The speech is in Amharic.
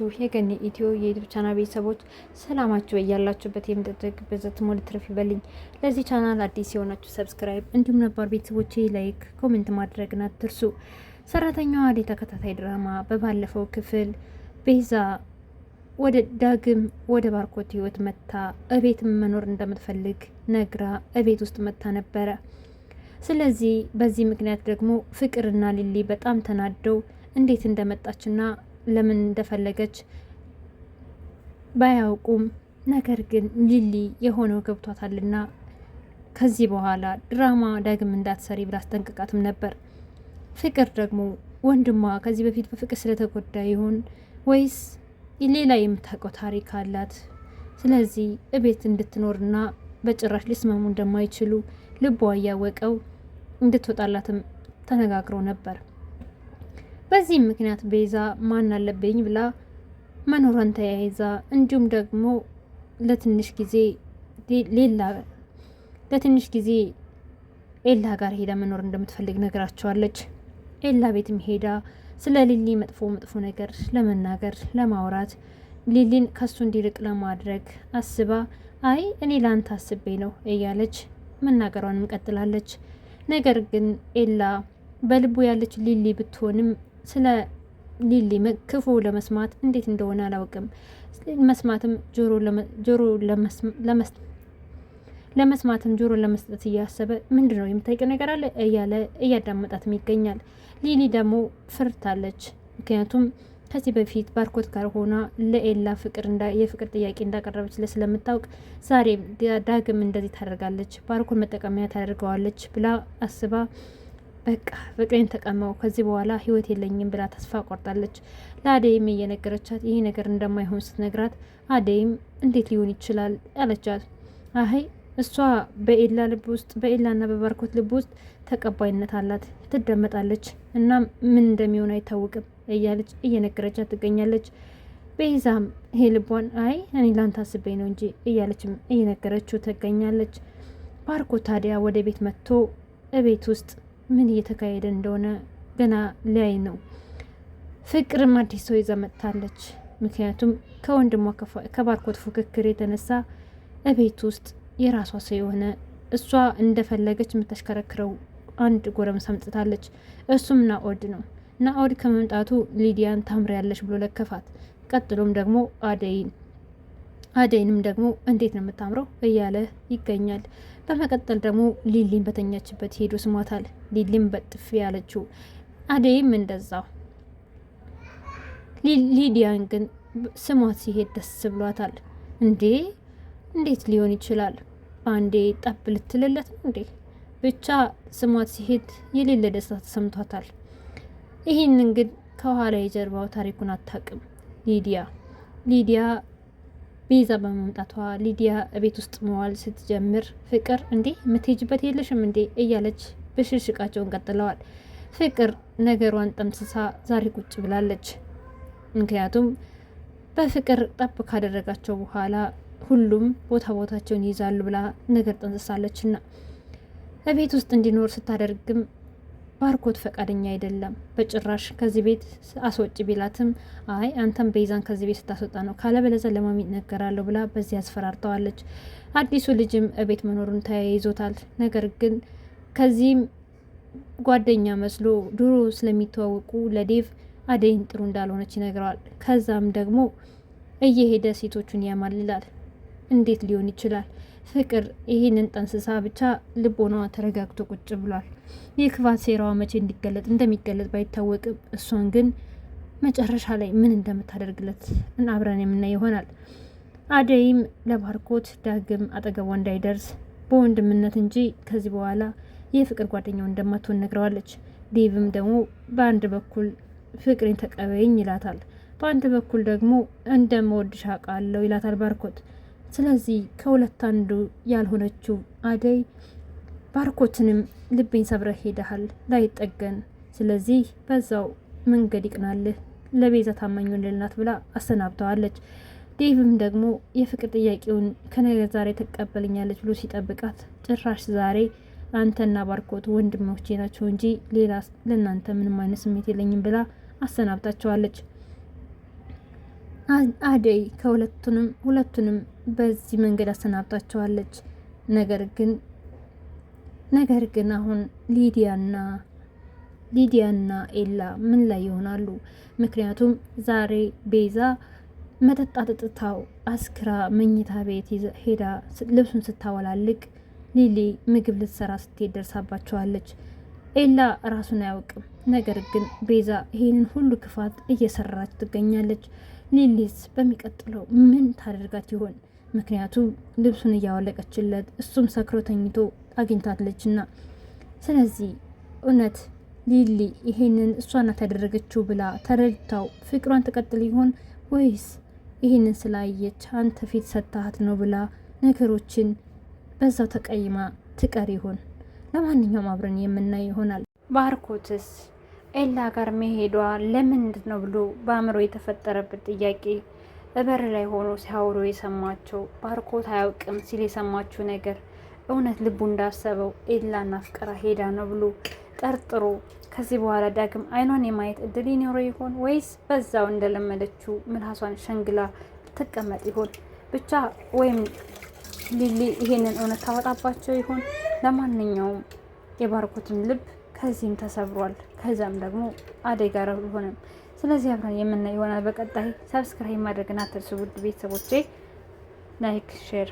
የተወደዳችሁ የገኒ ኢትዮ የዩቱብ ቻናል ቤተሰቦች ሰላማችሁ እያላችሁበት የምጠጠቅ በዘት ሞል ትረፍ ይበልኝ። ለዚህ ቻናል አዲስ የሆናችሁ ሰብስክራይብ፣ እንዲሁም ነባር ቤተሰቦቼ ላይክ፣ ኮሜንት ማድረግን አትርሱ። ሰራተኛዋ አደይ ተከታታይ ድራማ በባለፈው ክፍል ቤዛ ወደ ዳግም ወደ ባርኮት ህይወት መታ እቤት መኖር እንደምትፈልግ ነግራ እቤት ውስጥ መታ ነበረ። ስለዚህ በዚህ ምክንያት ደግሞ ፍቅርና ሊሊ በጣም ተናደው እንዴት እንደመጣችና ለምን እንደፈለገች ባያውቁም ነገር ግን ሊሊ የሆነው ገብቷታልና ከዚህ በኋላ ድራማ ዳግም እንዳትሰሪ ብላ አስጠንቅቃትም ነበር። ፍቅር ደግሞ ወንድሟ ከዚህ በፊት በፍቅር ስለተጎዳ ይሆን ወይስ ሌላ የምታውቀው ታሪክ አላት? ስለዚህ እቤት እንድትኖርና በጭራሽ ሊስማሙ እንደማይችሉ ልቧ እያወቀው እንድትወጣላትም ተነጋግሮ ነበር። በዚህም ምክንያት ቤዛ ማን አለብኝ ብላ መኖሯን ተያይዛ እንዲሁም ደግሞ ለትንሽ ጊዜ ሌላ ለትንሽ ጊዜ ኤላ ጋር ሄዳ መኖር እንደምትፈልግ ነግራቸዋለች። ኤላ ቤትም ሄዳ ስለ ሊሊ መጥፎ መጥፎ ነገር ለመናገር ለማውራት ሊሊን ከሱ እንዲርቅ ለማድረግ አስባ አይ እኔ ለአንተ አስቤ ነው እያለች መናገሯንም ቀጥላለች። ነገር ግን ኤላ በልቡ ያለች ሊሊ ብትሆንም ስለ ሊሊ ክፉ ለመስማት እንዴት እንደሆነ አላውቅም። መስማትም ጆሮ ለመስማትም ጆሮ ለመስጠት እያሰበ ምንድን ነው የምታውቂው ነገር አለ እያለ እያዳመጣትም ይገኛል። ሊሊ ደግሞ ፍርታለች። ምክንያቱም ከዚህ በፊት ባርኮት ጋር ሆና ለኤላ ፍቅር የፍቅር ጥያቄ እንዳቀረበች ስለምታውቅ ዛሬ ዳግም እንደዚህ ታደርጋለች፣ ባርኮት መጠቀሚያ ታደርገዋለች ብላ አስባ በቃ ፍቅሬን ተቀማው ከዚህ በኋላ ህይወት የለኝም ብላ ተስፋ ቆርጣለች። ለአደይም እየነገረቻት ይህ ነገር እንደማይሆን ስትነግራት አደይም እንዴት ሊሆን ይችላል አለቻት። አይ እሷ በኤላ ልብ ውስጥ በኤላና በባርኮት ልብ ውስጥ ተቀባይነት አላት፣ ትደመጣለች። እናም ምን እንደሚሆን አይታወቅም እያለች እየነገረቻት ትገኛለች። ቤዛም ይሄ ልቧን አይ እኔ ላንተ አስቤ ነው እንጂ እያለችም እየነገረችው ትገኛለች። ባርኮት ታዲያ ወደ ቤት መጥቶ እቤት ውስጥ ምን እየተካሄደ እንደሆነ ገና ሊያይ ነው። ፍቅርም አዲስ ሰው ይዛ መጥታለች። ምክንያቱም ከወንድሟ ከባርኮት ፉክክር የተነሳ እቤት ውስጥ የራሷ ሰው የሆነ እሷ እንደፈለገች የምታሽከረክረው አንድ ጎረምሳ ሰምጥታለች። እሱም ናኦድ ነው። ናኦድ ከመምጣቱ ሊዲያን ታምሪያለች ብሎ ለከፋት። ቀጥሎም ደግሞ አደይን አደይንም ደግሞ እንዴት ነው የምታምረው እያለ ይገኛል። በመቀጠል ደግሞ ሊሊን በተኛችበት ሄዶ ስሟታል። ሊሊን በጥፊ ያለችው አደይም እንደዛው። ሊዲያን ግን ስሟት ሲሄድ ደስ ብሏታል። እንዴ እንዴት ሊሆን ይችላል? በአንዴ ጠብ ልትልለት ነው እንዴ? ብቻ ስሟት ሲሄድ የሌለ ደስታ ተሰምቷታል። ይህንን ግን ከኋላ የጀርባው ታሪኩን አታውቅም ሊዲያ ሊዲያ ቤዛ በመምጣቷ ሊዲያ ቤት ውስጥ መዋል ስትጀምር ፍቅር እንዴ የምትሄጅበት የለሽም እንዴ እያለች ብሽሽቃቸውን ቀጥለዋል። ፍቅር ነገሯን ጠምስሳ ዛሬ ቁጭ ብላለች። ምክንያቱም በፍቅር ጠብ ካደረጋቸው በኋላ ሁሉም ቦታ ቦታቸውን ይይዛሉ ብላ ነገር ጠንስሳለችና እቤት ውስጥ እንዲኖር ስታደርግም ባርኮት ፈቃደኛ አይደለም። በጭራሽ ከዚህ ቤት አስወጭ ቢላትም አይ አንተም ቤዛን ከዚህ ቤት ስታስወጣ ነው ካለበለዚያ ለማሚ ይነገራለሁ ብላ በዚህ ያስፈራርተዋለች። አዲሱ ልጅም እቤት መኖሩን ተያይዞታል። ነገር ግን ከዚህም ጓደኛ መስሎ ድሮ ስለሚተዋወቁ ለዴቭ አደይን ጥሩ እንዳልሆነች ይነግረዋል። ከዛም ደግሞ እየሄደ ሴቶቹን ያማልላል። እንዴት ሊሆን ይችላል? ፍቅር ይህንን ጠንስሳ ብቻ ልቦኗ ተረጋግቶ ቁጭ ብሏል። የክፋት ሴራዋ መቼ እንዲገለጥ እንደሚገለጥ ባይታወቅም እሷን ግን መጨረሻ ላይ ምን እንደምታደርግለት አብረን የምናይ ይሆናል። አደይም ለባርኮት ዳግም አጠገቧ እንዳይደርስ በወንድምነት እንጂ ከዚህ በኋላ የፍቅር ጓደኛው እንደማትሆን ነግረዋለች። ዴቭም ደግሞ በአንድ በኩል ፍቅሬን ተቀበይኝ ይላታል፣ በአንድ በኩል ደግሞ እንደምወድሽ አውቃለሁ ይላታል ባርኮት ስለዚህ ከሁለት አንዱ ያልሆነችው አደይ ባርኮትንም ልቤን ሰብረ ሄደሃል ላይጠገን፣ ስለዚህ በዛው መንገድ ይቅናልህ ለቤዛ ታማኝ ወንድልናት ብላ አሰናብተዋለች። ዴቭም ደግሞ የፍቅር ጥያቄውን ከነገ ዛሬ ትቀበልኛለች ብሎ ሲጠብቃት ጭራሽ ዛሬ አንተና ባርኮት ወንድሞቼ ናቸው እንጂ ሌላ ለእናንተ ምንም አይነት ስሜት የለኝም ብላ አሰናብታቸዋለች። አደይ ከሁለቱንም ሁለቱንም በዚህ መንገድ አሰናብታቸዋለች። ነገር ግን ነገር ግን አሁን ሊዲያና ሊዲያና ኤላ ምን ላይ ይሆናሉ? ምክንያቱም ዛሬ ቤዛ መጠጥ አጠጥታው አስክራ መኝታ ቤት ሄዳ ልብሱን ስታወላልቅ ሊሊ ምግብ ልትሰራ ስትሄድ ደርሳባቸዋለች። ኤላ ራሱን አያውቅም። ነገር ግን ቤዛ ይህንን ሁሉ ክፋት እየሰራች ትገኛለች። ሊሊስ በሚቀጥለው ምን ታደርጋት ይሆን? ምክንያቱም ልብሱን እያወለቀችለት እሱም ሰክሮ ተኝቶ አግኝታለችና። ስለዚህ እውነት ሊሊ ይሄንን እሷ ናት ያደረገችው ብላ ተረድታው ፍቅሯን ትቀጥል ይሆን ወይስ ይህንን ስላየች አንተ ፊት ሰታሃት ነው ብላ ነገሮችን በዛው ተቀይማ ትቀር ይሆን? ለማንኛውም አብረን የምናይ ይሆናል። ባርኮትስ ኤላ ጋር መሄዷ ለምንድን ነው ብሎ በአእምሮ የተፈጠረበት ጥያቄ በር ላይ ሆኖ ሲያወሩ የሰማቸው ባርኮት አያውቅም ሲል የሰማችው ነገር እውነት ልቡ እንዳሰበው ኤላና ፍቅራ ሄዳ ነው ብሎ ጠርጥሮ ከዚህ በኋላ ዳግም አይኗን የማየት እድል ይኖረው ይሆን ወይስ በዛው እንደለመደችው ምላሷን ሸንግላ ትቀመጥ ይሆን? ብቻ ወይም ሊሊ ይሄንን እውነት ታወጣባቸው ይሆን? ለማንኛውም የባርኮትን ልብ ከዚህም ተሰብሯል። ከዛም ደግሞ አደይ ጋር ሆነም። ስለዚህ አብረን የምናየው ይሆናል በቀጣይ። ሰብስክራይብ ማድረግን አትርሱ ውድ ቤተሰቦቼ። ላይክ ሼር